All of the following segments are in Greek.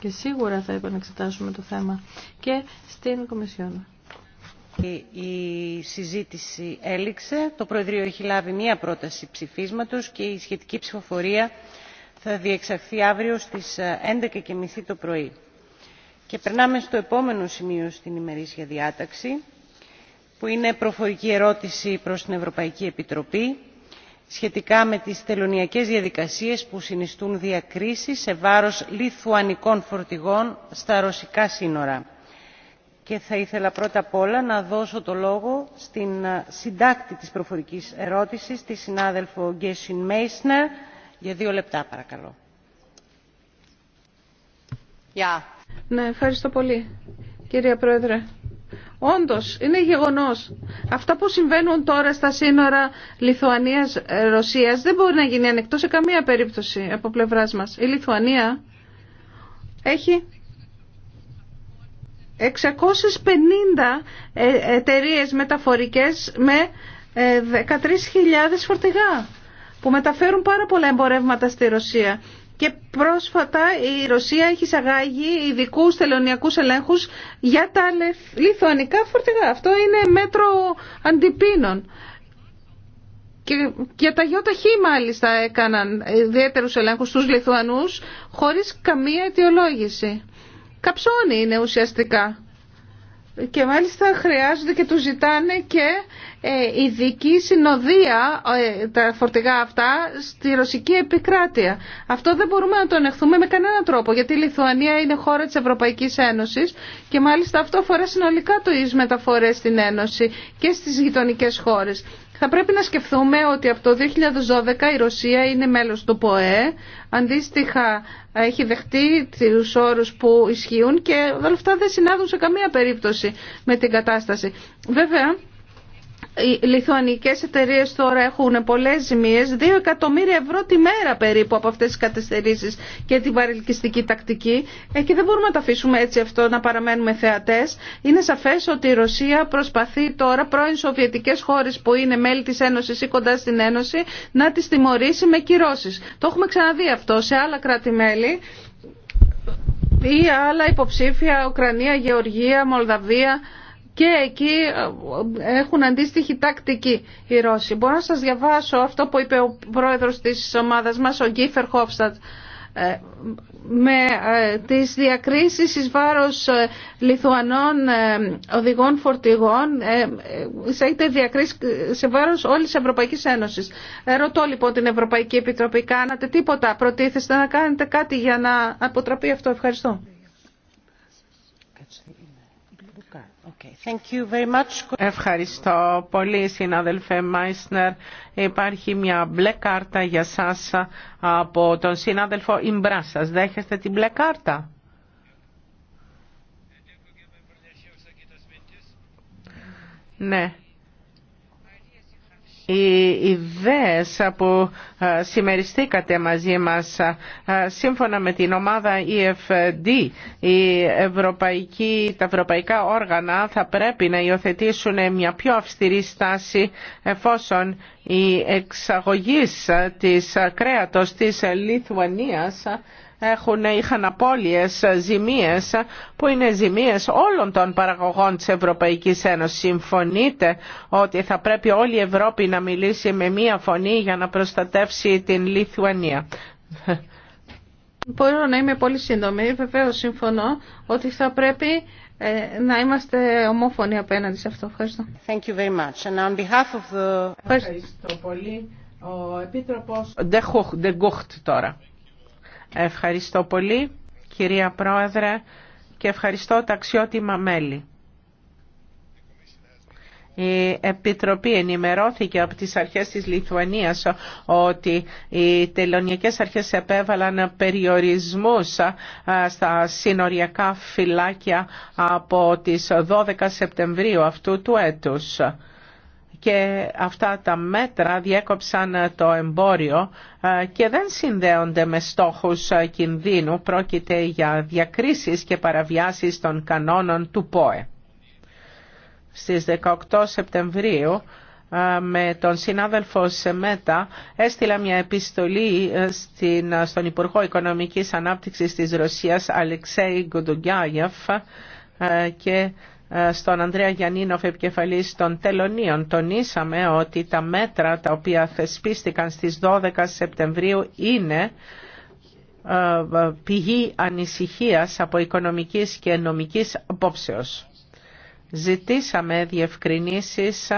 και σίγουρα θα επαναξετάσουμε το θέμα και στην Κομισιόν. Η συζήτηση έληξε. Το Προεδρείο έχει λάβει μία πρόταση ψηφίσματος και η σχετική ψηφοφορία θα διεξαχθεί αύριο στις 11.30 ε, το πρωί. Και περνάμε στο επόμενο σημείο στην ημερήσια διάταξη, που είναι προφορική ερώτηση προς την Ευρωπαϊκή Επιτροπή σχετικά με τις τελωνειακές διαδικασίες που συνιστούν διακρίσεις σε βάρος λιθουανικών φορτηγών στα ρωσικά σύνορα. Και θα ήθελα πρώτα απ' όλα να δώσω το λόγο στην ε, συντάκτη της προφορικής ερώτησης, τη συνάδελφο Γκέσιν Μέισνερ, για δύο λεπτά παρακαλώ. Ναι, ευχαριστώ πολύ, κύριε Πρόεδρε. Όντω, είναι γεγονός. Αυτά που συμβαίνουν τώρα στα σύνορα Λιθουανίας-Ρωσίας ε, δεν μπορεί να γίνει ανεκτό σε καμία περίπτωση από πλευρά μα. Η Λιθουανία έχει 650 ε, εταιρείε μεταφορικέ με 13.000 ε, φορτηγά που μεταφέρουν πάρα πολλά εμπορεύματα στη Ρωσία. Και πρόσφατα η Ρωσία έχει σαγάγει ειδικού τελωνιακού ελέγχου για τα λιθουανικά φορτηγά. Αυτό είναι μέτρο αντιπίνων. Και για τα ΙΧ μάλιστα έκαναν ιδιαίτερου ελέγχου στους Λιθουανούς χωρίς καμία αιτιολόγηση. Καψώνει είναι ουσιαστικά και μάλιστα χρειάζονται και του ζητάνε και ειδική συνοδεία ε, τα φορτηγά αυτά στη ρωσική επικράτεια. Αυτό δεν μπορούμε να το ανεχθούμε με κανέναν τρόπο γιατί η Λιθουανία είναι χώρα της Ευρωπαϊκής Ένωσης και μάλιστα αυτό αφορά συνολικά το ίδιο μεταφορές στην Ένωση και στις γειτονικές χώρες. Θα πρέπει να σκεφτούμε ότι από το 2012 η Ρωσία είναι μέλος του ΠΟΕ, αντίστοιχα έχει δεχτεί τους όρους που ισχύουν και όλα αυτά δεν συνάδουν σε καμία περίπτωση με την κατάσταση. Βέβαια, οι λιθουανικές εταιρείες τώρα έχουν πολλές ζημίες, 2 εκατομμύρια ευρώ τη μέρα περίπου από αυτές τις κατεστερήσεις και την παρελκυστική τακτική ε, και δεν μπορούμε να τα αφήσουμε έτσι αυτό να παραμένουμε θεατές. Είναι σαφές ότι η Ρωσία προσπαθεί τώρα πρώην Σοβιετικές χώρες που είναι μέλη της Ένωσης ή κοντά στην Ένωση να τις τιμωρήσει με κυρώσεις. Το έχουμε ξαναδεί αυτό σε άλλα κράτη-μέλη ή άλλα υποψήφια, Ουκρανία, Γεωργία, Μολδαβία και εκεί ε, έχουν αντίστοιχη τακτική οι Ρώσοι. Μπορώ να σας διαβάσω αυτό που είπε ο πρόεδρος της ομάδας μας, ο Γκίφερ Χόφστατ, ε, με ε, τις διακρίσεις εις βάρος Λιθουανών οδηγών φορτηγών είτε διακρίσεις σε βάρος όλης της Ευρωπαϊκής Ένωσης. Ρωτώ λοιπόν την Ευρωπαϊκή Επιτροπή, κάνατε τίποτα, προτίθεστε να κάνετε κάτι για να αποτραπεί αυτό. Ευχαριστώ. Ευχαριστώ πολύ συνάδελφε Μάισνερ. Υπάρχει μια μπλε κάρτα για σας από τον συνάδελφο Ιμπράσας. Δέχεστε την μπλε κάρτα. Ναι, οι ιδέες που ε, συμμεριστήκατε μαζί μας ε, σύμφωνα με την ομάδα EFD η ευρωπαϊκή, τα ευρωπαϊκά όργανα θα πρέπει να υιοθετήσουν μια πιο αυστηρή στάση εφόσον η εξαγωγής της κρέατος της Λιθουανίας έχουν, είχαν απώλειες, ζημίες, που είναι ζημίες όλων των παραγωγών της Ευρωπαϊκής Ένωσης. Συμφωνείτε ότι θα πρέπει όλη η Ευρώπη να μιλήσει με μία φωνή για να προστατεύσει την Λιθουανία. Μπορώ να είμαι πολύ σύντομη. Βεβαίως συμφωνώ ότι θα πρέπει ε, να είμαστε ομόφωνοι απέναντι σε αυτό. Ευχαριστώ. Thank Ευχαριστώ πολύ. Ο Επίτροπος Ντεχούχ, τώρα. Ευχαριστώ πολύ, κυρία Πρόεδρε, και ευχαριστώ τα αξιότιμα μέλη. Η Επιτροπή ενημερώθηκε από τις αρχές της Λιθουανίας ότι οι τελωνιακές αρχές επέβαλαν περιορισμούς στα συνοριακά φυλάκια από τις 12 Σεπτεμβρίου αυτού του έτους και αυτά τα μέτρα διέκοψαν το εμπόριο ε, και δεν συνδέονται με στόχους ε, κινδύνου. Πρόκειται για διακρίσεις και παραβιάσεις των κανόνων του ΠΟΕ. Στις 18 Σεπτεμβρίου ε, με τον συνάδελφο Σεμέτα έστειλα μια επιστολή στον Υπουργό Οικονομικής Ανάπτυξης της Ρωσίας Αλεξέη Γκουντουγκιάγεφ και στον Ανδρέα Γιαννίνοφ επικεφαλής των Τελωνίων τονίσαμε ότι τα μέτρα τα οποία θεσπίστηκαν στις 12 Σεπτεμβρίου είναι ε, πηγή ανησυχίας από οικονομικής και νομικής απόψεως. Ζητήσαμε διευκρινήσεις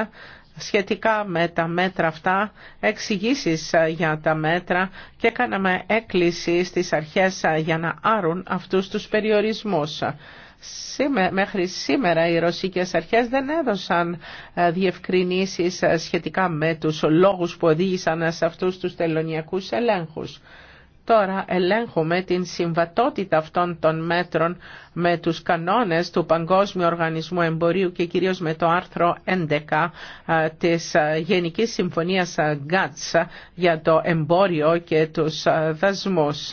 σχετικά με τα μέτρα αυτά, εξηγήσει για τα μέτρα και κάναμε έκκληση στις αρχές για να άρουν αυτούς τους περιορισμούς μέχρι σήμερα οι ρωσικές αρχές δεν έδωσαν ε, διευκρινήσεις ε, σχετικά με τους λόγους που οδήγησαν σε αυτούς τους τελωνιακούς ελέγχους. Τώρα ελέγχουμε την συμβατότητα αυτών των μέτρων με τους κανόνες του Παγκόσμιου Οργανισμού Εμπορίου και κυρίως με το άρθρο 11 ε, της Γενικής Συμφωνίας ΓΚΑΤΣ για το εμπόριο και τους δασμούς.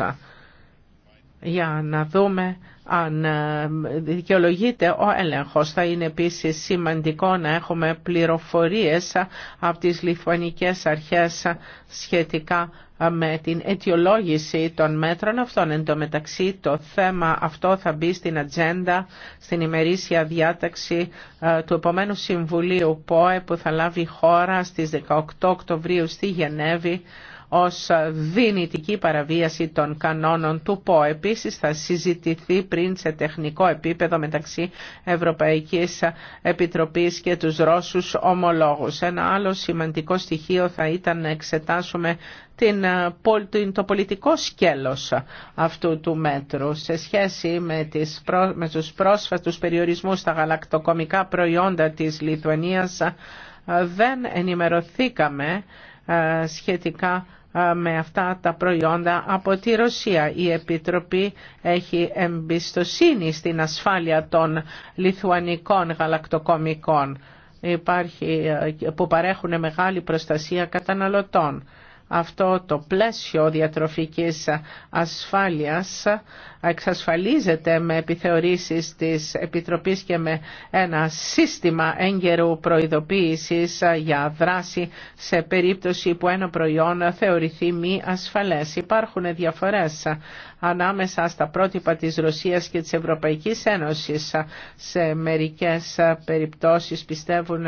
Για να δούμε αν ε, δικαιολογείται ο έλεγχος. Θα είναι επίσης σημαντικό να έχουμε πληροφορίες από τις λιθουανικές αρχές σχετικά με την αιτιολόγηση των μέτρων αυτών. Εν τω μεταξύ το θέμα αυτό θα μπει στην ατζέντα, στην ημερήσια διάταξη ε, του επόμενου Συμβουλίου ΠΟΕ που θα λάβει χώρα στις 18 Οκτωβρίου στη Γενέβη ως δυνητική παραβίαση των κανόνων του ΠΟ. Επίσης θα συζητηθεί πριν σε τεχνικό επίπεδο μεταξύ Ευρωπαϊκής Επιτροπής και τους Ρώσους ομολόγους. Ένα άλλο σημαντικό στοιχείο θα ήταν να εξετάσουμε την, το πολιτικό σκέλος αυτού του μέτρου σε σχέση με, τις, με τους πρόσφατους περιορισμούς στα γαλακτοκομικά προϊόντα της Λιθουανίας δεν ενημερωθήκαμε ε, σχετικά με αυτά τα προϊόντα από τη Ρωσία. Η Επιτροπή έχει εμπιστοσύνη στην ασφάλεια των λιθουανικών γαλακτοκομικών υπάρχει, που παρέχουν μεγάλη προστασία καταναλωτών. Αυτό το πλαίσιο διατροφικής ασφάλειας εξασφαλίζεται με επιθεωρήσεις της Επιτροπής και με ένα σύστημα έγκαιρου προειδοποίησης ε, για δράση σε περίπτωση που ένα προϊόν θεωρηθεί μη ασφαλές. Υπάρχουν διαφορές ε, ανάμεσα στα πρότυπα της Ρωσίας και της Ευρωπαϊκής Ένωσης. Ε, σε μερικές περιπτώσεις πιστεύουν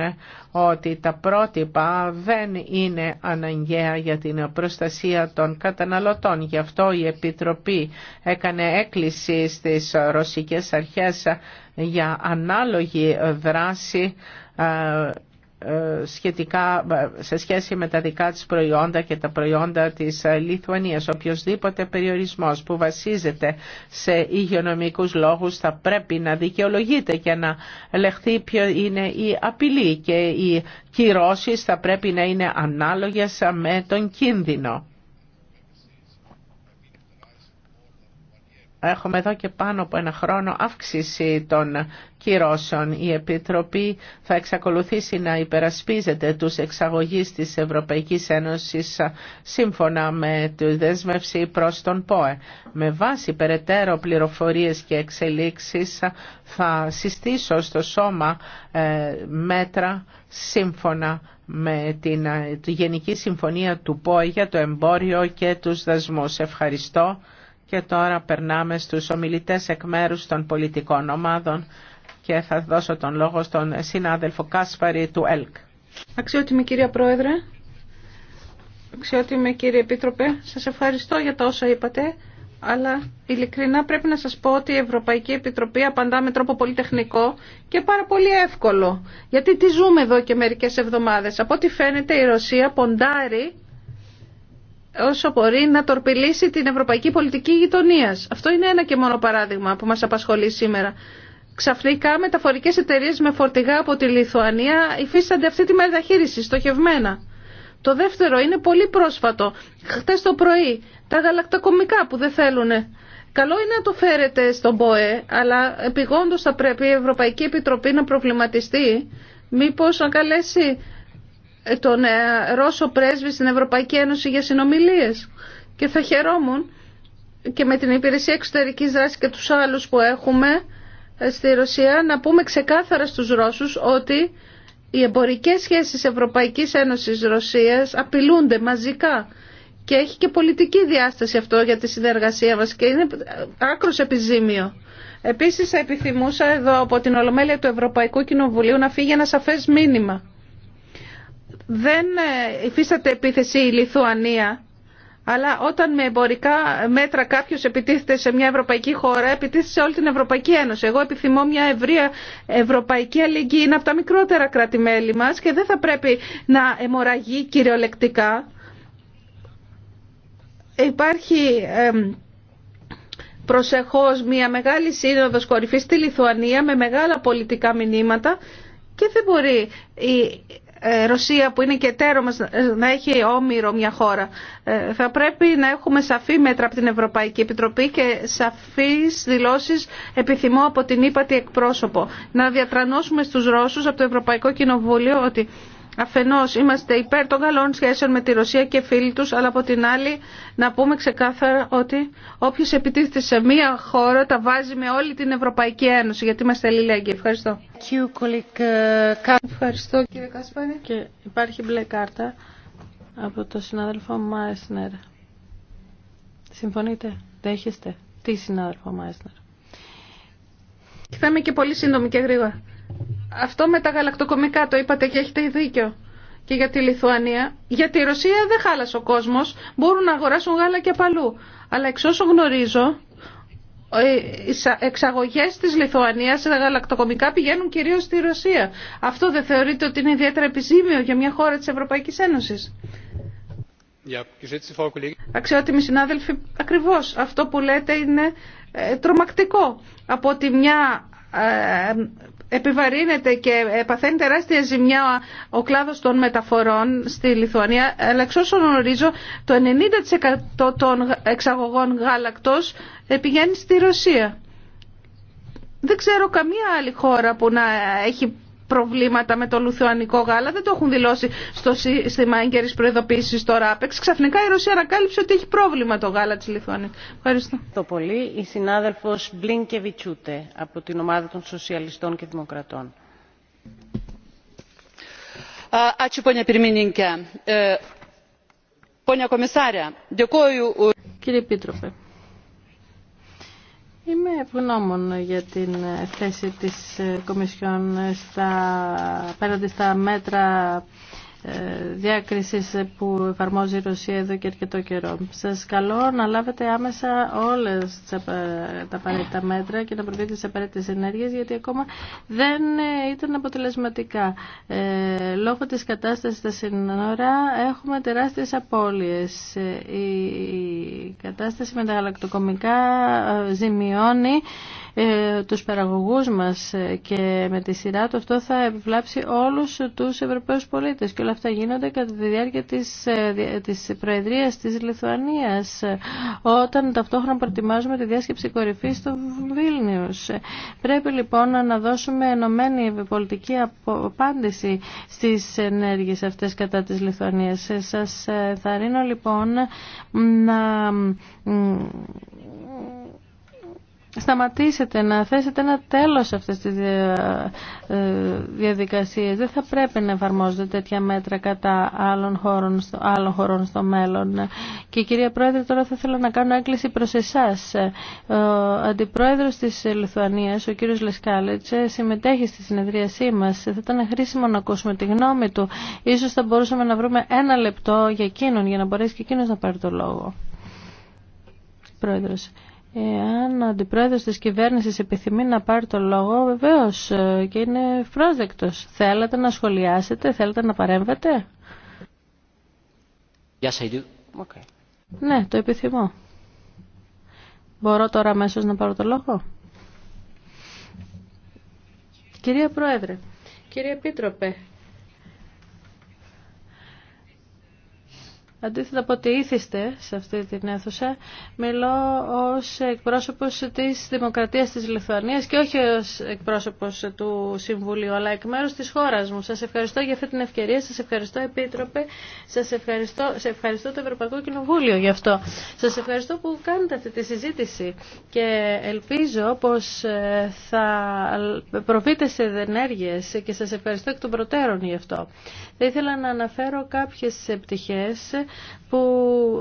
ότι τα πρότυπα δεν είναι αναγκαία για την προστασία των καταναλωτών. Γι' αυτό η Επιτροπή έκανε έκκληση στις ρωσικές αρχές για ανάλογη δράση ε, ε, σχετικά, ε, σε σχέση με τα δικά της προϊόντα και τα προϊόντα της Λιθουανίας. Οποιοδήποτε περιορισμός που βασίζεται σε υγειονομικούς λόγους θα πρέπει να δικαιολογείται και να λεχθεί ποιο είναι η απειλή και οι κυρώσεις θα πρέπει να είναι ανάλογες με τον κίνδυνο. έχουμε εδώ και πάνω από ένα χρόνο αύξηση των κυρώσεων. Η Επιτροπή θα εξακολουθήσει να υπερασπίζεται τους εξαγωγείς της Ευρωπαϊκής Ένωσης σύμφωνα με τη δέσμευση προς τον ΠΟΕ. Με βάση περαιτέρω πληροφορίες και εξελίξεις θα συστήσω στο σώμα ε, μέτρα σύμφωνα με την, τη Γενική Συμφωνία του ΠΟΕ για το εμπόριο και τους δασμούς. Ευχαριστώ. Και τώρα περνάμε στους ομιλητές εκ μέρους των πολιτικών ομάδων και θα δώσω τον λόγο στον συνάδελφο Κάσπαρη του ΕΛΚ. Αξιότιμη κυρία Πρόεδρε, αξιότιμη κύριε Επίτροπε, σας ευχαριστώ για τα όσα είπατε, αλλά ειλικρινά πρέπει να σας πω ότι η Ευρωπαϊκή Επιτροπή απαντά με τρόπο πολύ τεχνικό και πάρα πολύ εύκολο, γιατί τη ζούμε εδώ και μερικές εβδομάδες. Από ό,τι φαίνεται η Ρωσία ποντάρει όσο μπορεί να τορπιλήσει την ευρωπαϊκή πολιτική γειτονία. Αυτό είναι ένα και μόνο παράδειγμα που μα απασχολεί σήμερα. Ξαφνικά μεταφορικέ εταιρείε με φορτηγά από τη Λιθουανία υφίστανται αυτή τη μεταχείριση στοχευμένα. Το δεύτερο είναι πολύ πρόσφατο. Χθε το πρωί τα γαλακτοκομικά που δεν θέλουν. Καλό είναι να το φέρετε στον ΠΟΕ, αλλά επιγόντως θα πρέπει η Ευρωπαϊκή Επιτροπή να προβληματιστεί μήπω να καλέσει ε, τον ε, Ρώσο πρέσβη στην Ευρωπαϊκή Ένωση για συνομιλίες και θα χαιρόμουν και με την υπηρεσία εξωτερικής δράσης και τους άλλους που έχουμε ε, στη Ρωσία να πούμε ξεκάθαρα στους Ρώσους ότι οι εμπορικές σχέσεις Ευρωπαϊκής Ένωσης Ρωσίας απειλούνται μαζικά και έχει και πολιτική διάσταση αυτό για τη συνεργασία μας και είναι άκρο επιζήμιο. Επίσης θα επιθυμούσα εδώ από την Ολομέλεια του Ευρωπαϊκού Κοινοβουλίου να φύγει ένα σαφέ μήνυμα δεν ε, υφίσταται επίθεση η Λιθουανία, αλλά όταν με εμπορικά μέτρα κάποιο επιτίθεται σε μια ευρωπαϊκή χώρα, επιτίθεται σε όλη την Ευρωπαϊκή Ένωση. Εγώ επιθυμώ μια ευρεία ευρωπαϊκή αλληλεγγύη. Είναι από τα μικρότερα κράτη-μέλη μα και δεν θα πρέπει να εμοραγεί κυριολεκτικά. Υπάρχει προσεχώς μια μεγάλη σύνοδος κορυφής στη Λιθουανία με μεγάλα πολιτικά μηνύματα και δεν μπορεί ε, Ρωσία που είναι και τέρο μας ε, να έχει όμοιρο μια χώρα. Ε, θα πρέπει να έχουμε σαφή μέτρα από την Ευρωπαϊκή Επιτροπή και σαφείς δηλώσεις επιθυμώ από την ύπατη εκπρόσωπο. Να διατρανώσουμε στους Ρώσους από το Ευρωπαϊκό Κοινοβούλιο ότι Αφενός είμαστε υπέρ των καλών σχέσεων με τη Ρωσία και φίλοι του, αλλά από την άλλη να πούμε ξεκάθαρα ότι όποιος επιτίθεται σε μία χώρα τα βάζει με όλη την Ευρωπαϊκή Ένωση, γιατί είμαστε αλληλέγγυοι. Ευχαριστώ. Uh, Ευχαριστώ κύριε Κασπάρη. Και υπάρχει μπλε κάρτα από το συνάδελφο Μάισνερ. Συμφωνείτε, δέχεστε. Τι συνάδελφο Μάισνερ. Θα είμαι και πολύ σύντομη και γρήγορα. Αυτό με τα γαλακτοκομικά το είπατε και έχετε δίκιο. Και για τη Λιθουανία. Για τη Ρωσία δεν χάλασε ο κόσμος. Μπορούν να αγοράσουν γάλα και παλού. Αλλά εξ όσων γνωρίζω, οι ε, εξαγωγέ της Λιθουανίας σε γαλακτοκομικά πηγαίνουν κυρίως στη Ρωσία. Αυτό δεν θεωρείται ότι είναι ιδιαίτερα επιζήμιο για μια χώρα της Ευρωπαϊκής Ένωσης. Αξιότιμοι συνάδελφοι, ακριβώ αυτό που λέτε είναι ε, τρομακτικό. Από ότι μια ε, επιβαρύνεται και ε, παθαίνει τεράστια ζημιά ο κλάδος των μεταφορών στη Λιθουανία, αλλά εξ όσων γνωρίζω το 90% των εξαγωγών γάλακτος ε, πηγαίνει στη Ρωσία. Δεν ξέρω καμία άλλη χώρα που να έχει προβλήματα με το λουθουανικό γάλα. Δεν το έχουν δηλώσει στο σύστημα έγκαιρη προειδοποίηση στο ΡΑΠΕΞ. Ξαφνικά η Ρωσία ανακάλυψε ότι έχει πρόβλημα το γάλα τη Λιθουανία. Ευχαριστώ. Το πολύ η συνάδελφο Μπλίνκεβιτσούτε από την ομάδα των Σοσιαλιστών και Δημοκρατών. Ε, Κύριε Επίτροπε, Είμαι ευγνώμων για την ε, θέση της ε, Κομισιόν στα, πέραντι στα μέτρα ε, διάκρισης που εφαρμόζει η Ρωσία εδώ και αρκετό καιρό. Σας καλώ να λάβετε άμεσα όλες τα απαραίτητα μέτρα και να προβείτε τις απαραίτητες ενέργειες γιατί ακόμα δεν ε, ήταν αποτελεσματικά. Ε, λόγω της κατάστασης στα σύνορα έχουμε τεράστιες απώλειες. Η κατάσταση με τα γαλακτοκομικά ζημιώνει ε, τους παραγωγούς μας ε, και με τη σειρά του αυτό θα επιβλάψει όλους τους Ευρωπαίους πολίτες και όλα αυτά γίνονται κατά τη διάρκεια της, ε, της Προεδρίας της Λιθουανίας όταν ταυτόχρονα προετοιμάζουμε τη διάσκεψη κορυφής στο Βίλνιους. Πρέπει λοιπόν να δώσουμε ενωμένη πολιτική απάντηση στις ενέργειες αυτές κατά της Λιθουανίας. Σας θαρρύνω λοιπόν να σταματήσετε, να θέσετε ένα τέλος σε αυτές τις ε, ε, διαδικασίες. Δεν θα πρέπει να εφαρμόζονται τέτοια μέτρα κατά άλλων χωρών, στο, άλλων χωρών στο μέλλον. Και κυρία Πρόεδρε, τώρα θα ήθελα να κάνω έκκληση προς εσάς. Ε, ο Αντιπρόεδρος της Λιθουανίας, ο κύριος Λεσκάλετσε, συμμετέχει στη συνεδρίασή μας. Θα ήταν χρήσιμο να ακούσουμε τη γνώμη του. Ίσως θα μπορούσαμε να βρούμε ένα λεπτό για εκείνον, για να μπορέσει και εκείνος να πάρει το λόγο. Πρόεδρος. Εάν ο αντιπρόεδρο της κυβέρνηση επιθυμεί να πάρει το λόγο, βεβαίω, ε, και είναι πρόσδεκτος. Θέλετε να σχολιάσετε, θέλετε να παρέμβετε. Yes, Okay. Ναι, το επιθυμώ. Μπορώ τώρα αμέσω να πάρω το λόγο. Κυρία Πρόεδρε, κύριε Επίτροπε, Αντίθετα από ότι ήθιστε σε αυτή την αίθουσα, μιλώ ως εκπρόσωπος της Δημοκρατίας της Λιθουανίας και όχι ως εκπρόσωπος του Συμβουλίου, αλλά εκ μέρους της χώρας μου. Σας ευχαριστώ για αυτή την ευκαιρία, σας ευχαριστώ Επίτροπε, σας ευχαριστώ, σε ευχαριστώ το Ευρωπαϊκό Κοινοβούλιο γι' αυτό. Σας ευχαριστώ που κάνετε αυτή τη συζήτηση και ελπίζω πως ε, θα προβείτε σε ενέργειες και σας ευχαριστώ εκ των προτέρων γι' αυτό. Θα ήθελα να αναφέρω κάποιες πτυχές που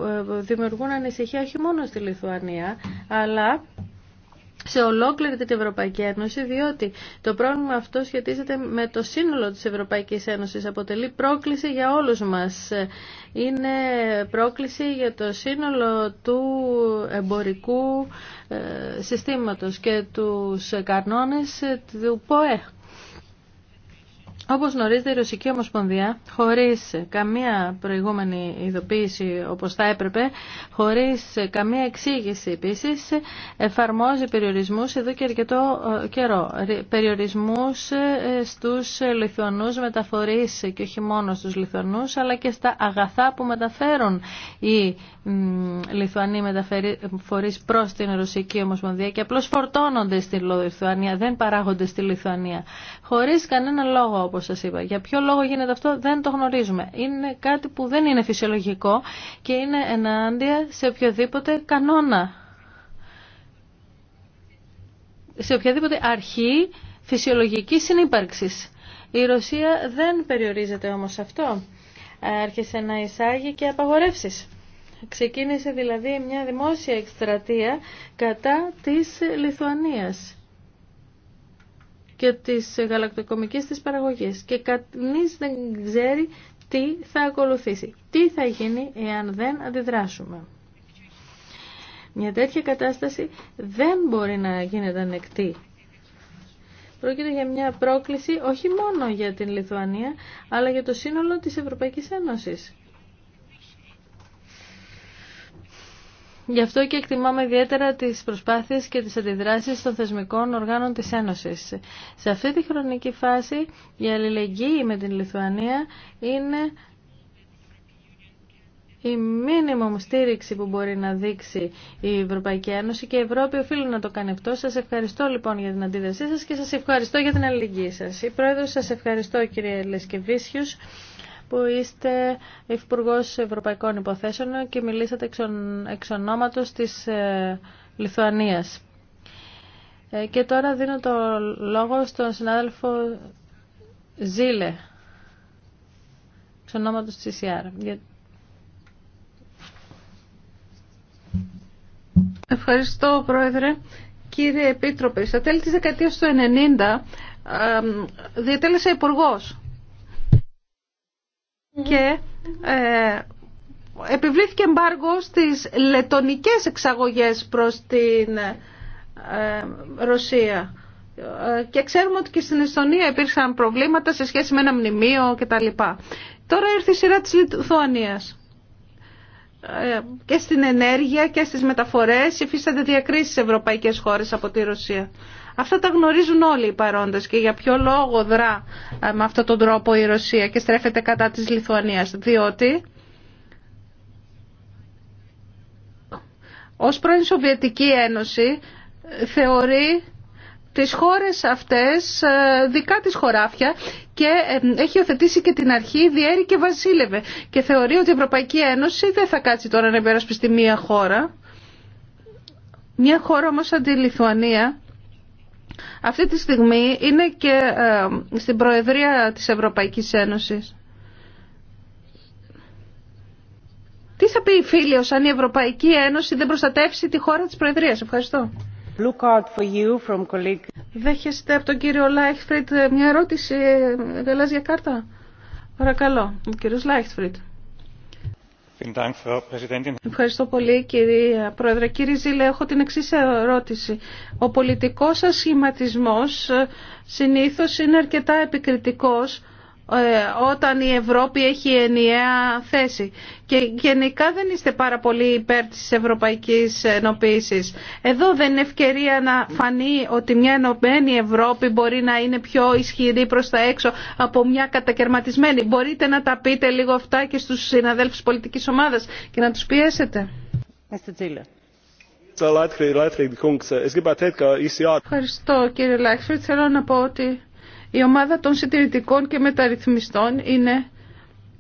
ε, δημιουργούν ανησυχία όχι μόνο στη Λιθουανία, αλλά σε ολόκληρη την Ευρωπαϊκή Ένωση, διότι το πρόβλημα αυτό σχετίζεται με το σύνολο της Ευρωπαϊκής Ένωσης. Αποτελεί πρόκληση για όλους μας. Είναι πρόκληση για το σύνολο του εμπορικού ε, συστήματος και τους κανόνες του ΠΟΕ. Όπω γνωρίζετε η Ρωσική Ομοσπονδία χωρί καμία προηγούμενη ειδοποίηση όπως θα έπρεπε, χωρί καμία εξήγηση επίση, εφαρμόζει περιορισμούς εδώ και αρκετό ε, καιρό. Περιορισμούς ε, στους λιθονούς μεταφορείς και όχι μόνο στους λιθονούς αλλά και στα αγαθά που μεταφέρουν οι λιθουανοί μεταφορείς προς την Ρωσική Ομοσπονδία και απλώ φορτώνονται στη Λιθουανία, δεν παράγονται στη Λιθουανία. χωρί κανένα λόγο όπως σας είπα. Για ποιο λόγο γίνεται αυτό δεν το γνωρίζουμε. Είναι κάτι που δεν είναι φυσιολογικό και είναι ενάντια σε οποιοδήποτε κανόνα. Σε οποιαδήποτε αρχή φυσιολογικής συνύπαρξης. Η Ρωσία δεν περιορίζεται όμως αυτό. Άρχισε να εισάγει και απαγορεύσεις. Ξεκίνησε δηλαδή μια δημόσια εκστρατεία κατά της Λιθουανίας και της γαλακτοκομικής της παραγωγής και κανείς δεν ξέρει τι θα ακολουθήσει, τι θα γίνει εάν δεν αντιδράσουμε. Μια τέτοια κατάσταση δεν μπορεί να γίνεται ανεκτή. Πρόκειται για μια πρόκληση όχι μόνο για την Λιθουανία, αλλά για το σύνολο της Ευρωπαϊκής Ένωσης. Γι' αυτό και εκτιμάμε ιδιαίτερα τις προσπάθειες και τις αντιδράσεις των θεσμικών οργάνων της Ένωσης. Σε αυτή τη χρονική φάση η αλληλεγγύη με την Λιθουανία είναι η μίνιμουμ στήριξη που μπορεί να δείξει η Ευρωπαϊκή Ένωση και η Ευρώπη οφείλει να το κάνει αυτό. Σας ευχαριστώ λοιπόν για την αντίδρασή σας και σας ευχαριστώ για την αλληλεγγύη σας. Η σας ευχαριστώ κύριε Λεσκεβίσιους που είστε Υπουργό Ευρωπαϊκών Υποθέσεων και μιλήσατε εξ ονόματος της ε, Λιθουανίας. Ε, και τώρα δίνω το λόγο στον συνάδελφο Ζήλε, εξ ονόματος της ΕΣΥΑΡ. Ευχαριστώ, Πρόεδρε. Κύριε Επίτροπε, στα τέλη της δεκαετίας του 1990 ε, διατέλεσα υπουργός και ε, επιβλήθηκε εμπάργο στις λετονικές εξαγωγές προς την ε, Ρωσία. Ε, και ξέρουμε ότι και στην Εστονία υπήρξαν προβλήματα σε σχέση με ένα μνημείο κτλ. Τώρα ήρθε η σειρά της Λιθουανίας. Ε, και στην ενέργεια και στις μεταφορές υφίστανται διακρίσεις σε ευρωπαϊκές χώρες από τη Ρωσία. Αυτά τα γνωρίζουν όλοι οι παρόντες και για ποιο λόγο δρά ε, με αυτόν τον τρόπο η Ρωσία και στρέφεται κατά της Λιθουανίας. Διότι ως πρώην Σοβιετική Ένωση θεωρεί τις χώρες αυτές ε, δικά της χωράφια και ε, έχει οθετήσει και την αρχή διέρη και βασίλευε και θεωρεί ότι η Ευρωπαϊκή Ένωση δεν θα κάτσει τώρα να υπερασπιστεί μία χώρα. Μια χώρα όμως σαν τη Λιθουανία αυτή τη στιγμή είναι και ε, στην Προεδρία της Ευρωπαϊκής Ένωσης. Τι θα πει η Φίλιος αν η Ευρωπαϊκή Ένωση δεν προστατεύσει τη χώρα της Προεδρίας. Ευχαριστώ. Δέχεστε από τον κύριο Λάιχτφριντ μια ερώτηση, γαλάζια κάρτα. Παρακαλώ, ο κύριος Λάιχφριντ. Ευχαριστώ πολύ κύριε Πρόεδρε. Κύριε Ζήλε, έχω την εξή ερώτηση. Ο πολιτικός σα σχηματισμός συνήθως είναι αρκετά επικριτικός ε, όταν η Ευρώπη έχει ενιαία θέση. Και γενικά δεν είστε πάρα πολύ υπέρ της ευρωπαϊκής ενοποίησης. Εδώ δεν είναι ευκαιρία να φανεί ότι μια ενωμένη Ευρώπη μπορεί να είναι πιο ισχυρή προς τα έξω από μια κατακαιρματισμένη. Μπορείτε να τα πείτε λίγο αυτά και στους συναδέλφους πολιτικής ομάδας και να τους πιέσετε. Ευχαριστώ κύριε Θέλω να πω ότι η ομάδα των συντηρητικών και μεταρρυθμιστών είναι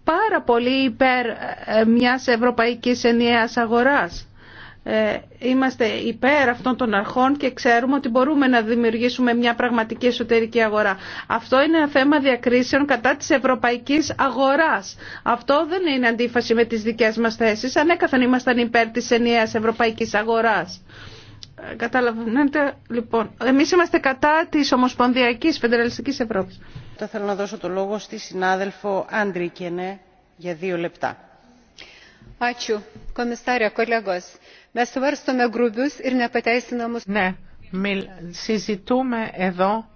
πάρα πολύ υπέρ ε, μιας ευρωπαϊκής ενιαίας αγοράς. Ε, είμαστε υπέρ αυτών των αρχών και ξέρουμε ότι μπορούμε να δημιουργήσουμε μια πραγματική εσωτερική αγορά. Αυτό είναι ένα θέμα διακρίσεων κατά της ευρωπαϊκής αγοράς. Αυτό δεν είναι αντίφαση με τις δικές μας θέσεις. Ανέκαθεν ήμασταν υπέρ της ενιαίας ευρωπαϊκής αγοράς. Καταλαβαίνετε, λοιπόν, εμείς είμαστε κατά της Ομοσπονδιακής Φεντεραλιστικής Ευρώπης. Θα θέλω να δώσω το λόγο στη συνάδελφο Αντρίκενε για δύο λεπτά. Ναι, συζητούμε εδώ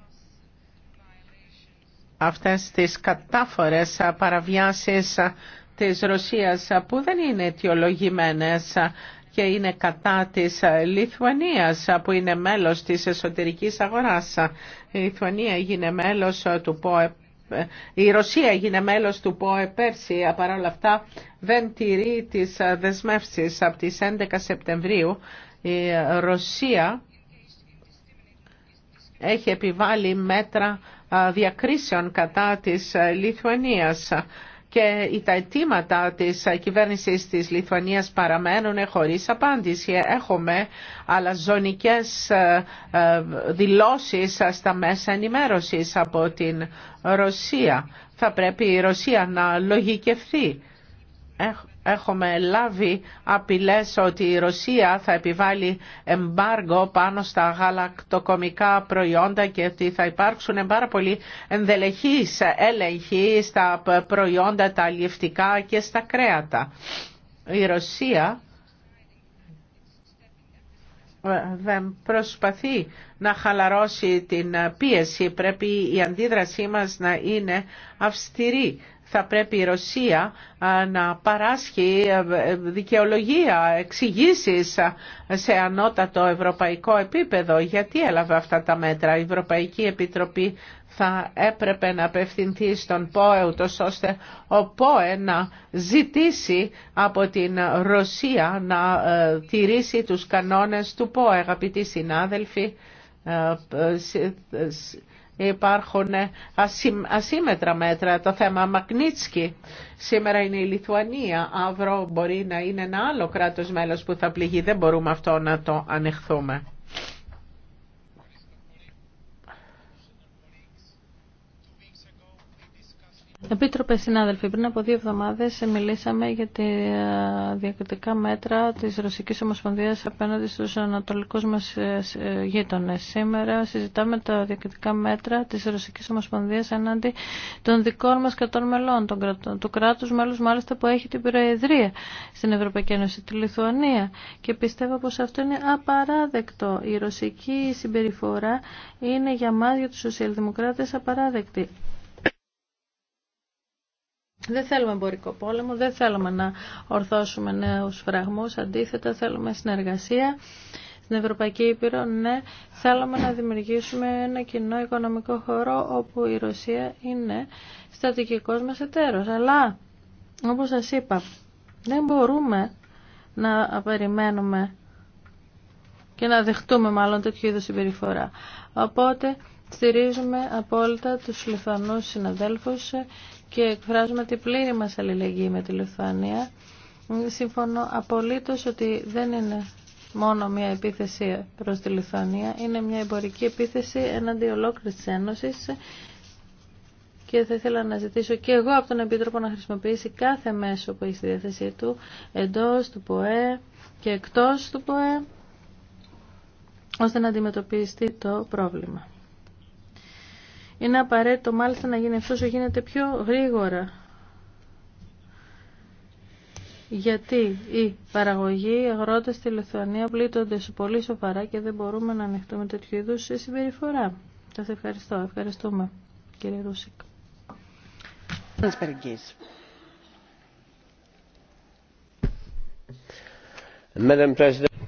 αυτές τις κατάφορες παραβιάσεις της Ρωσίας που δεν είναι αιτιολογημένες και είναι κατά της Λιθουανίας που είναι μέλος της εσωτερικής αγοράς. Η Λιθουανία έγινε μέλος του η Ρωσία έγινε μέλος του ΠΟΕ πέρσι, παρόλα αυτά δεν τηρεί τις δεσμεύσεις από τις 11 Σεπτεμβρίου. Η Ρωσία έχει επιβάλει μέτρα διακρίσεων κατά της Λιθουανίας και τα αιτήματα της κυβέρνησης της Λιθουανίας παραμένουν χωρίς απάντηση. Έχουμε αλαζονικές ε, ε, δηλώσεις στα μέσα ενημέρωσης από την Ρωσία. Θα πρέπει η Ρωσία να λογικευθεί έχουμε λάβει απειλές ότι η Ρωσία θα επιβάλλει εμπάργο πάνω στα γαλακτοκομικά προϊόντα και ότι θα υπάρξουν πάρα πολλοί ενδελεχείς έλεγχοι στα προϊόντα, τα αλλιευτικά και στα κρέατα. Η Ρωσία ε, δεν προσπαθεί να χαλαρώσει την πίεση. Πρέπει η αντίδρασή μας να είναι αυστηρή θα πρέπει η Ρωσία να παράσχει δικαιολογία, εξηγήσει σε ανώτατο ευρωπαϊκό επίπεδο γιατί έλαβε αυτά τα μέτρα. Η Ευρωπαϊκή Επιτροπή θα έπρεπε να απευθυνθεί στον ΠΟΕ ούτως ώστε ο ΠΟΕ να ζητήσει από την Ρωσία να ε, τηρήσει τους κανόνες του ΠΟΕ. Αγαπητοί συνάδελφοι, ε, ε, υπάρχουν ασύμετρα μέτρα. Το θέμα Μακνίτσκι. Σήμερα είναι η Λιθουανία, αύριο μπορεί να είναι ένα άλλο κράτος μέλος που θα πληγεί. Δεν μπορούμε αυτό να το ανεχθούμε. Επίτροπε, συνάδελφοι, πριν από δύο εβδομάδε μιλήσαμε για τα ε, διακριτικά μέτρα τη ρωσική ομοσπονδία απέναντι στου ανατολικού μα ε, ε, γείτονε. Σήμερα συζητάμε τα διακριτικά μέτρα τη ρωσική ομοσπονδία έναντι των δικών μας κρατών μελών, του κράτου μέλου μάλιστα που έχει την Προεδρία στην Ευρωπαϊκή Ένωση, τη Λιθουανία. Και πιστεύω πω αυτό είναι απαράδεκτο. Η ρωσική συμπεριφορά είναι για μας, για του σοσιαλδημοκράτε, απαράδεκτη. Δεν θέλουμε εμπορικό πόλεμο, δεν θέλουμε να ορθώσουμε νέους φραγμούς, αντίθετα θέλουμε συνεργασία στην Ευρωπαϊκή Ήπειρο, ναι, θέλουμε να δημιουργήσουμε ένα κοινό οικονομικό χώρο όπου η Ρωσία είναι στρατηγικός μας εταίρος. Αλλά, όπως σας είπα, δεν μπορούμε να περιμένουμε και να δεχτούμε μάλλον τέτοιου είδους συμπεριφορά. Οπότε στηρίζουμε απόλυτα τους Λιθανούς συναδέλφους και εκφράζουμε την πλήρη μας αλληλεγγύη με τη Λιθουανία. Συμφωνώ απολύτως ότι δεν είναι μόνο μια επίθεση προς τη Λιθουανία, είναι μια εμπορική επίθεση εναντί ολόκληρης της Ένωσης και θα ήθελα να ζητήσω και εγώ από τον Επίτροπο να χρησιμοποιήσει κάθε μέσο που έχει στη διάθεσή του εντός του ΠΟΕ και εκτός του ΠΟΕ ώστε να αντιμετωπιστεί το πρόβλημα. Είναι απαραίτητο μάλιστα να γίνει αυτό όσο γίνεται πιο γρήγορα. Γιατί οι παραγωγοί, οι αγρότε, στη Λιθουανία πλήττονται πολύ σοβαρά και δεν μπορούμε να ανοιχτούμε τέτοιου είδου συμπεριφορά. Σα ευχαριστώ. Ευχαριστούμε κύριε Ρούσικ.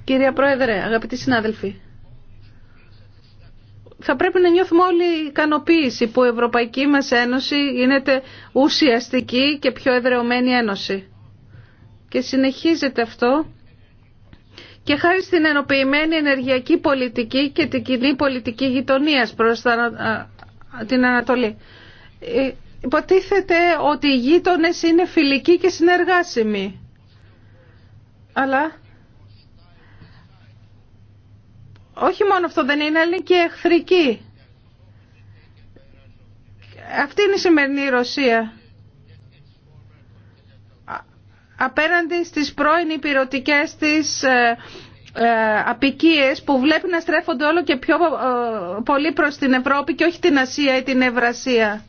Κυρία Πρόεδρε, αγαπητοί συνάδελφοι, θα πρέπει να νιώθουμε όλοι ικανοποίηση που η Ευρωπαϊκή μας Ένωση γίνεται ουσιαστική και πιο εδρεωμένη ένωση. Και συνεχίζεται αυτό και χάρη στην ενοποιημένη ενεργειακή πολιτική και την κοινή πολιτική γειτονίας προς την Ανατολή. Ε, υποτίθεται ότι οι γείτονες είναι φιλικοί και συνεργάσιμοι. Αλλά όχι μόνο αυτό δεν είναι, αλλά είναι και εχθρική. Αυτή είναι η σημερινή Ρωσία. Απέναντι στις πρώην υπηρετικές της ε, ε, απικίες που βλέπει να στρέφονται όλο και πιο ε, πολύ προς την Ευρώπη και όχι την Ασία ή την Ευρασία.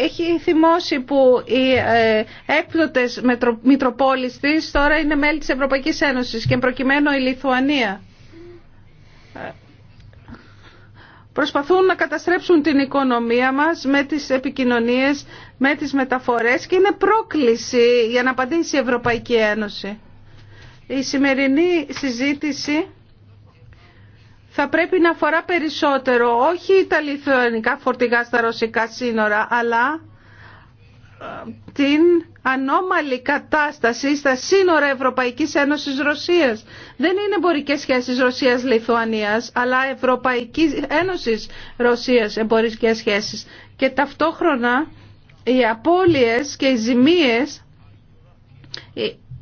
Έχει θυμώσει που οι έκπτωτες Μητροπόλεις της τώρα είναι μέλη της Ευρωπαϊκής Ένωσης και προκειμένου η Λιθουανία προσπαθούν να καταστρέψουν την οικονομία μας με τις επικοινωνίες, με τις μεταφορές και είναι πρόκληση για να απαντήσει η Ευρωπαϊκή Ένωση. Η σημερινή συζήτηση θα πρέπει να αφορά περισσότερο όχι τα λιθουανικά φορτηγά στα ρωσικά σύνορα, αλλά την ανώμαλη κατάσταση στα σύνορα Ευρωπαϊκής Ένωσης Ρωσίας. Δεν είναι εμπορικές σχέσεις Ρωσίας-Λιθουανίας, αλλά Ευρωπαϊκής Ένωσης Ρωσίας εμπορικές σχέσεις. Και ταυτόχρονα οι απώλειες και οι ζημίες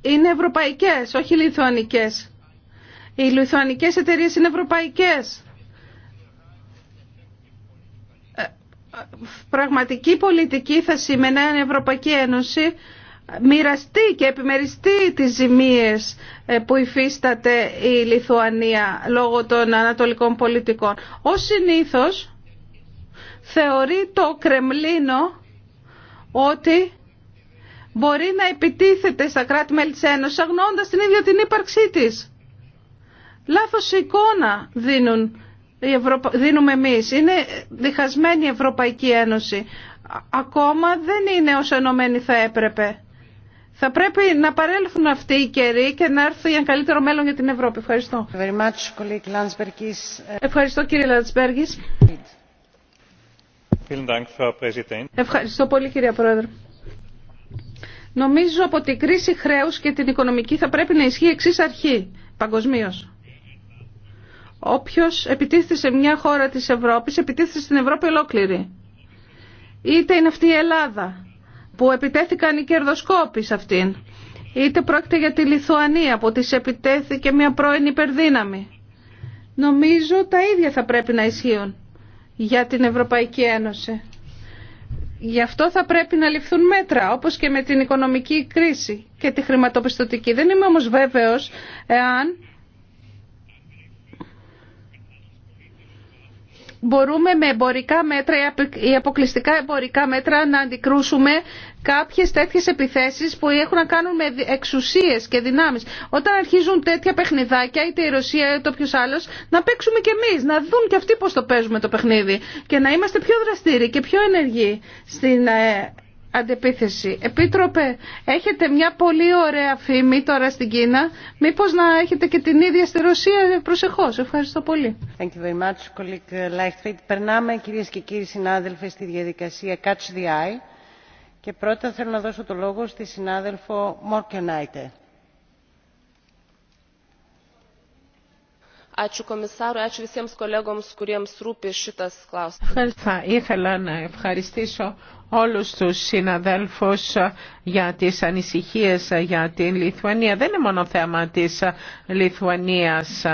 είναι ευρωπαϊκές, όχι λιθουανικές. Οι λιθουανικές εταιρείες είναι ευρωπαϊκές. πραγματική πολιτική θα σήμαινε η Ευρωπαϊκή Ένωση μοιραστεί και επιμεριστεί τις ζημίες ε, που υφίσταται η Λιθουανία λόγω των ανατολικών πολιτικών. Ο συνήθως θεωρεί το Κρεμλίνο ότι μπορεί να επιτίθεται στα κράτη-μέλη της Ένωσης αγνώντας την ίδια την ύπαρξή της. Λάθος εικόνα δίνουν δίνουμε εμείς. Είναι διχασμένη η Ευρωπαϊκή Ένωση. Ακόμα δεν είναι όσο ενωμένη θα έπρεπε. Θα πρέπει να παρέλθουν αυτοί οι καιροί και να έρθει ένα καλύτερο μέλλον για την Ευρώπη. Ευχαριστώ. Ευχαριστώ κύριε Λαντσπέργης. Ευχαριστώ πολύ κύριε Πρόεδρε. Νομίζω από την κρίση χρέους και την οικονομική θα πρέπει να ισχύει εξής αρχή παγκοσμίως. Όποιος επιτίθεται σε μια χώρα της Ευρώπης, επιτίθεται στην Ευρώπη ολόκληρη. Είτε είναι αυτή η Ελλάδα που επιτέθηκαν οι κερδοσκόποι σε αυτήν. Είτε πρόκειται για τη Λιθουανία που της επιτέθηκε μια πρώην υπερδύναμη. Νομίζω τα ίδια θα πρέπει να ισχύουν για την Ευρωπαϊκή Ένωση. Γι' αυτό θα πρέπει να ληφθούν μέτρα, όπως και με την οικονομική κρίση και τη χρηματοπιστωτική. Δεν είμαι όμως βέβαιος εάν μπορούμε με εμπορικά μέτρα ή αποκλειστικά εμπορικά μέτρα να αντικρούσουμε κάποιες τέτοιες επιθέσεις που έχουν να κάνουν με εξουσίες και δυνάμεις. Όταν αρχίζουν τέτοια παιχνιδάκια, είτε η Ρωσία είτε όποιος άλλος, να παίξουμε κι εμείς, να δουν κι αυτοί πώς το παίζουμε το παιχνίδι και να είμαστε πιο δραστήριοι και πιο ενεργοί στην ε, αντεπίθεση. Επίτροπε, έχετε μια πολύ ωραία φήμη τώρα στην Κίνα. Μήπως να έχετε και την ίδια στη Ρωσία προσεχώς. Ευχαριστώ πολύ. Thank you very much, colleague Περνάμε, κυρίες και κύριοι συνάδελφοι, στη διαδικασία Catch the Eye. Και πρώτα θέλω να δώσω το λόγο στη συνάδελφο Μόρκενάιτε. Θα ήθελα να ευχαριστήσω όλους τους συναδέλφους ε, για τις ανησυχίες ε, για την Λιθουανία. Δεν είναι μόνο θέμα της ε, Λιθουανίας.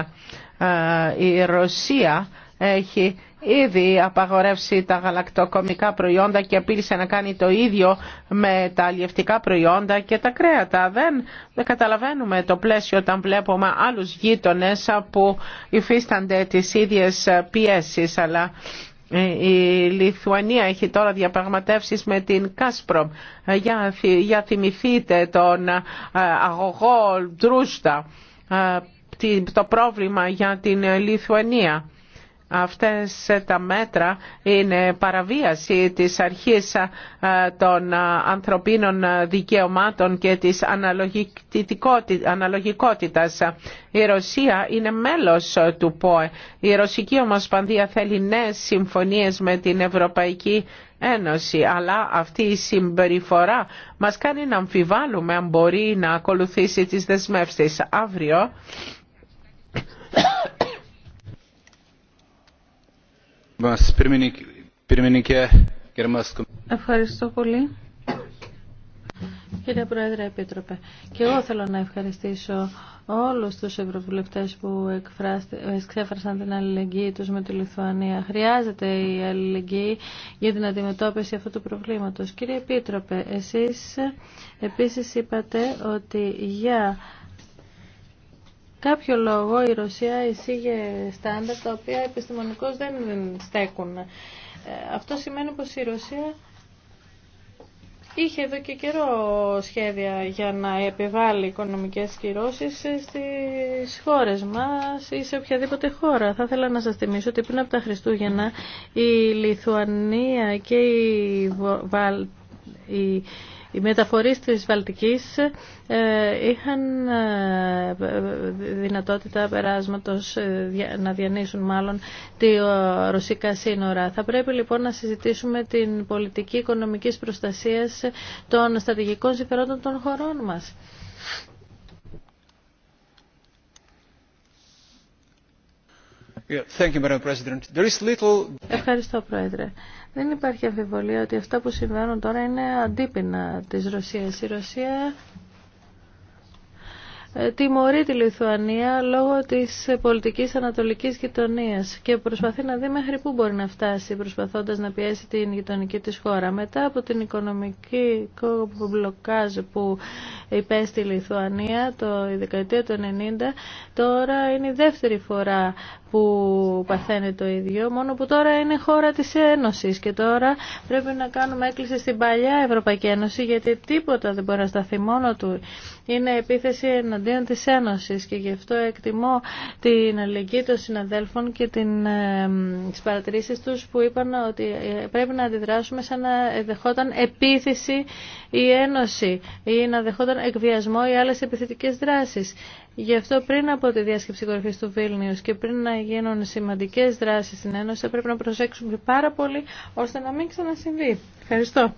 Η Ρωσία έχει ήδη απαγορεύσει τα γαλακτοκομικά προϊόντα και απείλησε να κάνει το ίδιο με τα αλλιευτικά προϊόντα και τα κρέατα. Δεν, δεν καταλαβαίνουμε το πλαίσιο όταν βλέπουμε άλλους γείτονες που υφίστανται τις ίδιες πιέσεις, αλλά η Λιθουανία έχει τώρα διαπραγματεύσεις με την Κάσπρομ. Για, για θυμηθείτε τον ε, αγωγό Ντρούστα, ε, το πρόβλημα για την Λιθουανία Αυτές τα μέτρα είναι παραβίαση της αρχής των ανθρωπίνων δικαιωμάτων και της αναλογικότητας. Η Ρωσία είναι μέλος του ΠΟΕ. Η Ρωσική Ομοσπανδία θέλει νέες συμφωνίες με την Ευρωπαϊκή Ένωση, αλλά αυτή η συμπεριφορά μας κάνει να αμφιβάλλουμε αν μπορεί να ακολουθήσει τις δεσμεύσεις. Αύριο Ευχαριστώ πολύ. Κύριε Πρόεδρε, Επίτροπε, και εγώ θέλω να ευχαριστήσω όλους τους ευρωβουλευτές που εξέφρασαν την αλληλεγγύη τους με τη Λιθουανία. Χρειάζεται η αλληλεγγύη για την αντιμετώπιση αυτού του προβλήματος. Κύριε Επίτροπε, εσείς επίσης είπατε ότι για κάποιο λόγο η Ρωσία εισήγε στάνταρ τα οποία επιστημονικώς δεν στέκουν. Ε, αυτό σημαίνει πως η Ρωσία είχε εδώ και καιρό σχέδια για να επιβάλλει οικονομικές κυρώσεις στις χώρες μας ή σε οποιαδήποτε χώρα. Θα ήθελα να σας θυμίσω ότι πριν από τα Χριστούγεννα η Λιθουανία και η, Βαλ... η οι μεταφορείς της Βαλτικής ε, είχαν ε, δυνατότητα περάσματος ε, να διανύσουν μάλλον τη ρωσικά σύνορα. Θα πρέπει λοιπόν να συζητήσουμε την πολιτική οικονομικής προστασίας των στρατηγικών συμφερόντων των χωρών μας. Thank you, Ευχαριστώ, Πρόεδρε. Δεν υπάρχει αμφιβολία ότι αυτά που συμβαίνουν τώρα είναι αντίπεινα της Ρωσίας. Η Ρωσία ε, τιμωρεί τη Λιθουανία λόγω της πολιτικής ανατολικής γειτονίας και προσπαθεί να δει μέχρι πού μπορεί να φτάσει προσπαθώντας να πιέσει την γειτονική της χώρα. Μετά από την οικονομική μπλοκάζ που υπέστη η Λιθουανία το δεκαετία του 90, τώρα είναι η δεύτερη φορά που παθαίνει το ίδιο, μόνο που τώρα είναι χώρα της Ένωσης και τώρα πρέπει να κάνουμε έκκληση στην παλιά Ευρωπαϊκή Ένωση γιατί τίποτα δεν μπορεί να σταθεί μόνο του. Είναι επίθεση εναντίον της Ένωσης και γι' αυτό εκτιμώ την αλληλεγγύη των συναδέλφων και την, ε, τις παρατηρήσεις τους που είπαν ότι ε, πρέπει να αντιδράσουμε σαν να δεχόταν επίθεση η Ένωση ή να δεχόταν εκβιασμό ή άλλες επιθετικές δράσεις. Γι' αυτό πριν από τη διάσκεψη κορυφή του Βίλνιου και πριν να γίνουν σημαντικές δράσεις στην Ένωση θα πρέπει να προσέξουμε πάρα πολύ ώστε να μην ξανασυμβεί. Ευχαριστώ.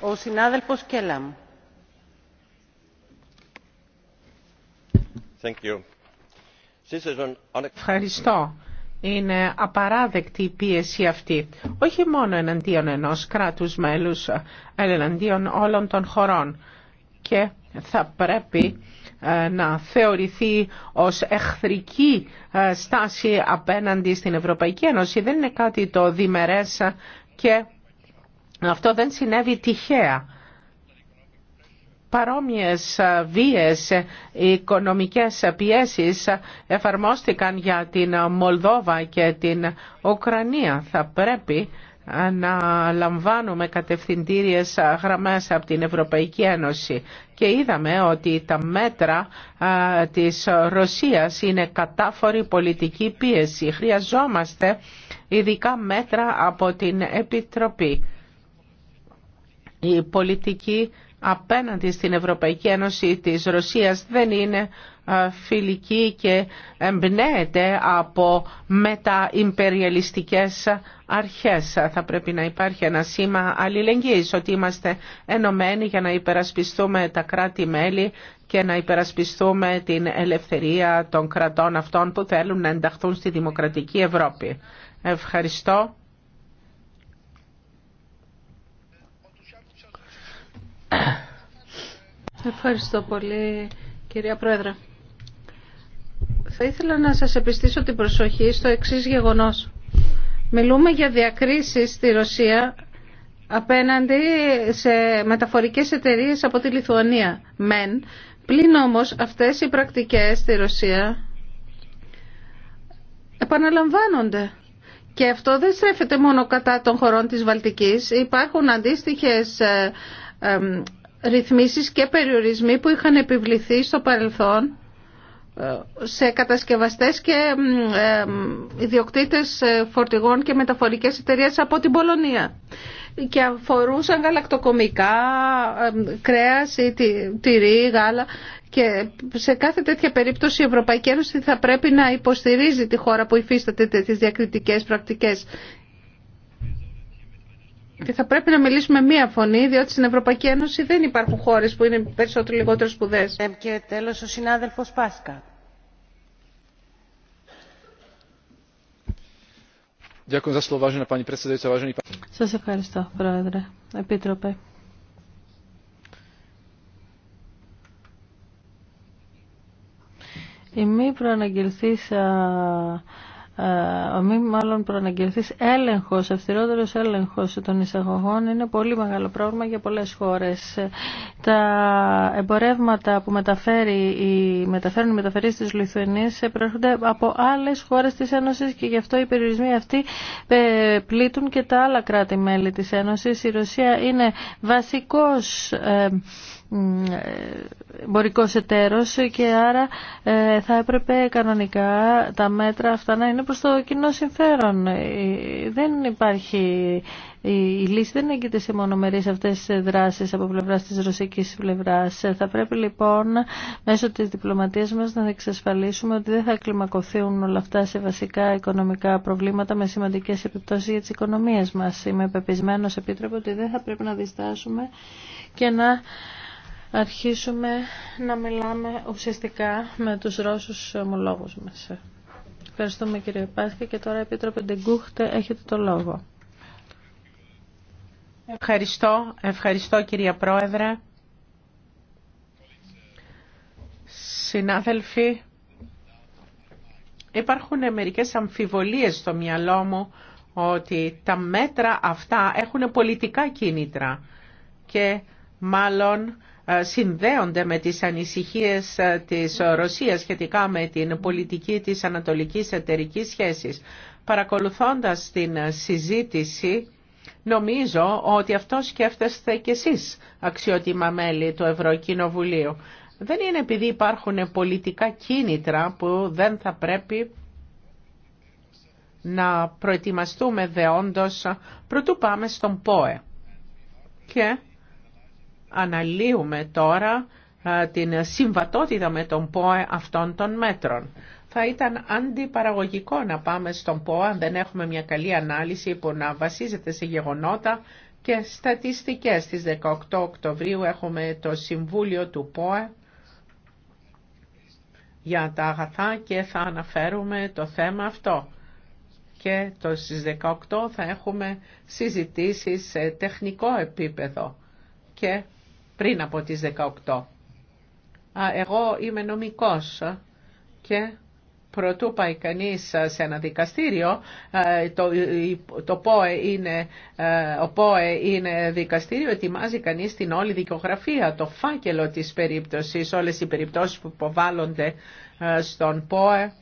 Ο συνάδελφος Κέλαμ. Ευχαριστώ. Είναι απαράδεκτη η πίεση αυτή, όχι μόνο εναντίον ενός κράτους μέλους, αλλά εναντίον όλων των χωρών. Και θα πρέπει ε, να θεωρηθεί ως εχθρική ε, στάση απέναντι στην Ευρωπαϊκή Ένωση. Δεν είναι κάτι το διμερές και αυτό δεν συνέβη τυχαία παρόμοιες ε, βίες οικονομικές πιέσεις εφαρμόστηκαν για την Μολδόβα και την Ουκρανία. Θα πρέπει να λαμβάνουμε κατευθυντήριες γραμμές από την Ευρωπαϊκή Ένωση και είδαμε ότι τα μέτρα της Ρωσίας είναι κατάφορη πολιτική πίεση. Χρειαζόμαστε ειδικά μέτρα από την Επιτροπή. Η πολιτική απέναντι στην Ευρωπαϊκή Ένωση της Ρωσίας δεν είναι ε, φιλική και εμπνέεται από μετα-ιμπεριαλιστικές αρχές. Θα πρέπει να υπάρχει ένα σήμα αλληλεγγύης ότι είμαστε ενωμένοι για να υπερασπιστούμε τα κράτη-μέλη και να υπερασπιστούμε την ελευθερία των κρατών αυτών που θέλουν να ενταχθούν στη δημοκρατική Ευρώπη. Ευχαριστώ. Ευχαριστώ πολύ κυρία Πρόεδρε. Θα ήθελα να σας επιστήσω την προσοχή στο εξής γεγονός. Μιλούμε για διακρίσεις στη Ρωσία απέναντι σε μεταφορικές εταιρείες από τη Λιθουανία. Μεν, πλην όμως αυτές οι πρακτικές στη Ρωσία επαναλαμβάνονται. Και αυτό δεν στρέφεται μόνο κατά των χωρών της Βαλτικής. Υπάρχουν αντίστοιχες ε, ε, ρυθμίσεις και περιορισμοί που είχαν επιβληθεί στο παρελθόν σε κατασκευαστές και ε, ιδιοκτήτες ε, φορτηγών και μεταφορικές εταιρείες από την Πολωνία και αφορούσαν γαλακτοκομικά, ε, κρέας ή τυρί, γάλα και σε κάθε τέτοια περίπτωση η Ευρωπαϊκή Ένωση θα πρέπει να υποστηρίζει τη χώρα που υφίσταται τις διακριτικές πρακτικές και θα πρέπει να μιλήσουμε μία φωνή, διότι στην Ευρωπαϊκή Ένωση δεν υπάρχουν χώρε που είναι περισσότερο λιγότερο σπουδέ. Και τέλο ο συνάδελφο Πάσκα. Σα ευχαριστώ, Πρόεδρε. Επίτροπε. Η μη προαναγγελθήσα ε, μη μάλλον προαναγγελθείς έλεγχος, αυστηρότερος έλεγχος των εισαγωγών είναι πολύ μεγάλο πρόβλημα για πολλές χώρες. Τα εμπορεύματα που μεταφέρει, μεταφέρουν οι μεταφερείς της Λιθουανίας προέρχονται από άλλες χώρες της Ένωσης και γι' αυτό οι περιορισμοί αυτοί ε, πλήττουν και τα άλλα κράτη-μέλη της Ένωσης. Η Ρωσία είναι βασικός ε, ε, εμπορικός εταίρος και άρα ε, θα έπρεπε κανονικά τα μέτρα αυτά να είναι προς το κοινό συμφέρον. Ε, δεν υπάρχει η λύση δεν έγκυται σε μονομερείς αυτές τις δράσεις από πλευράς της ρωσικής πλευράς. Θα πρέπει λοιπόν μέσω της διπλωματίας μας να εξασφαλίσουμε ότι δεν θα κλιμακωθούν όλα αυτά σε βασικά οικονομικά προβλήματα με σημαντικές επιπτώσεις για τις οικονομίες μας. Είμαι πεπισμένος επίτροπε ότι δεν θα πρέπει να διστάσουμε και να αρχίσουμε να μιλάμε ουσιαστικά με τους Ρώσους ομολόγους μας. Ευχαριστούμε κύριε Πάσχη και τώρα Επίτροπε Ντεγκούχτε έχετε το λόγο. Ευχαριστώ, ευχαριστώ κυρία Πρόεδρε. Συνάδελφοι, υπάρχουν μερικές αμφιβολίες στο μυαλό μου ότι τα μέτρα αυτά έχουν πολιτικά κίνητρα και μάλλον ε, συνδέονται με τις ανησυχίες ε, της Ρωσίας σχετικά με την πολιτική της ανατολικής εταιρικής σχέσης. Παρακολουθώντας την συζήτηση, νομίζω ότι αυτό σκέφτεστε κι εσείς, αξιότιμα μέλη του Ευρωκοινοβουλίου. Δεν είναι επειδή υπάρχουν πολιτικά κίνητρα που δεν θα πρέπει να προετοιμαστούμε δεόντως πρωτού πάμε στον ΠΟΕ. Και αναλύουμε τώρα την συμβατότητα με τον ΠΟΕ αυτών των μέτρων. Θα ήταν αντιπαραγωγικό να πάμε στον ΠΟΕ αν δεν έχουμε μια καλή ανάλυση που να βασίζεται σε γεγονότα και στατιστικές. Στις 18 Οκτωβρίου έχουμε το Συμβούλιο του ΠΟΕ για τα αγαθά και θα αναφέρουμε το θέμα αυτό. Και το στις 18 θα έχουμε συζητήσεις σε τεχνικό επίπεδο και πριν από τις 18. εγώ είμαι νομικός και Προτού πάει κανείς σε ένα δικαστήριο, το, το ΠΟΕ είναι, ο ΠΟΕ είναι δικαστήριο, ετοιμάζει κανείς την όλη δικογραφία, το φάκελο της περίπτωσης, όλες οι περιπτώσεις που υποβάλλονται στον ΠΟΕ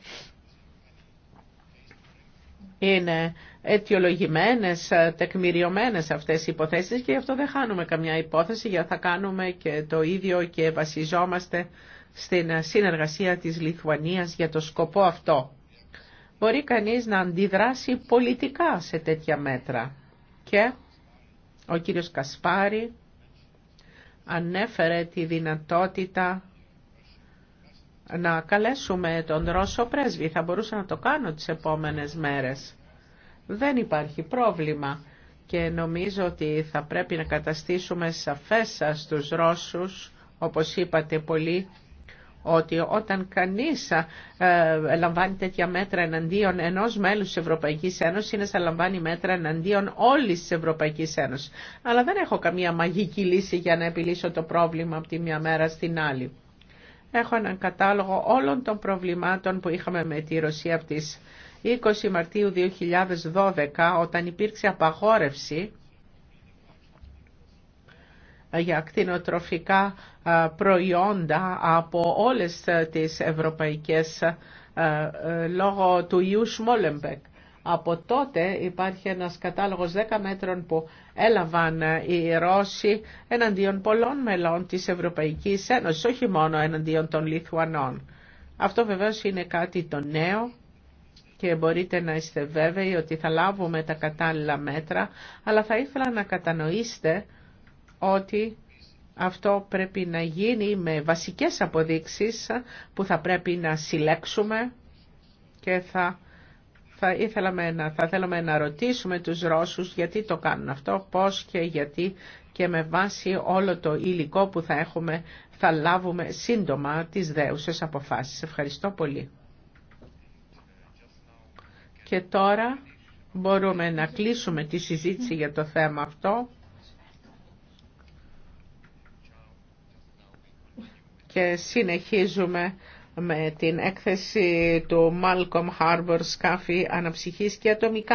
είναι αιτιολογημένες, τεκμηριωμένες αυτές οι υποθέσεις και γι' αυτό δεν χάνουμε καμιά υπόθεση γιατί θα κάνουμε και το ίδιο και βασιζόμαστε στην συνεργασία της Λιθουανίας για το σκοπό αυτό. Μπορεί κανείς να αντιδράσει πολιτικά σε τέτοια μέτρα. Και ο κύριος Κασπάρη ανέφερε τη δυνατότητα να καλέσουμε τον Ρώσο πρέσβη. Θα μπορούσα να το κάνω τις επόμενες μέρες. Δεν υπάρχει πρόβλημα και νομίζω ότι θα πρέπει να καταστήσουμε σαφές τους Ρώσους, όπως είπατε πολύ, ότι όταν κανείς ε, λαμβάνει τέτοια μέτρα εναντίον ενός μέλους της Ευρωπαϊκής Ένωσης είναι σαν λαμβάνει μέτρα εναντίον όλης της Ευρωπαϊκής Ένωσης. Αλλά δεν έχω καμία μαγική λύση για να επιλύσω το πρόβλημα από τη μια μέρα στην άλλη. Έχω έναν κατάλογο όλων των προβλημάτων που είχαμε με τη Ρωσία από τις 20 Μαρτίου 2012 όταν υπήρξε απαγόρευση ε, για κτηνοτροφικά ε, προϊόντα από όλες ε, τις ευρωπαϊκές λόγω του ιού Σμόλεμπεκ. Από τότε υπάρχει ένας κατάλογος 10 μέτρων που έλαβαν ε, οι Ρώσοι εναντίον πολλών μελών της Ευρωπαϊκής Ένωσης, όχι μόνο εναντίον των Λιθουανών. Αυτό βεβαίως είναι κάτι το νέο και μπορείτε να είστε βέβαιοι ότι θα λάβουμε τα κατάλληλα μέτρα, αλλά θα ήθελα να κατανοήσετε ότι αυτό πρέπει να γίνει με βασικές αποδείξεις που θα πρέπει να συλλέξουμε και θα θα, ήθελαμε να, θα θέλαμε να ρωτήσουμε τους Ρώσους γιατί το κάνουν αυτό, πώς και γιατί και με βάση όλο το υλικό που θα έχουμε θα λάβουμε σύντομα τις δέουσες αποφάσεις. Ευχαριστώ πολύ. Και τώρα μπορούμε να κλείσουμε τη συζήτηση για το θέμα αυτό. Και συνεχίζουμε με την έκθεση του Malcolm Harbour Σκάφη «Αναψυχής και ατομικά».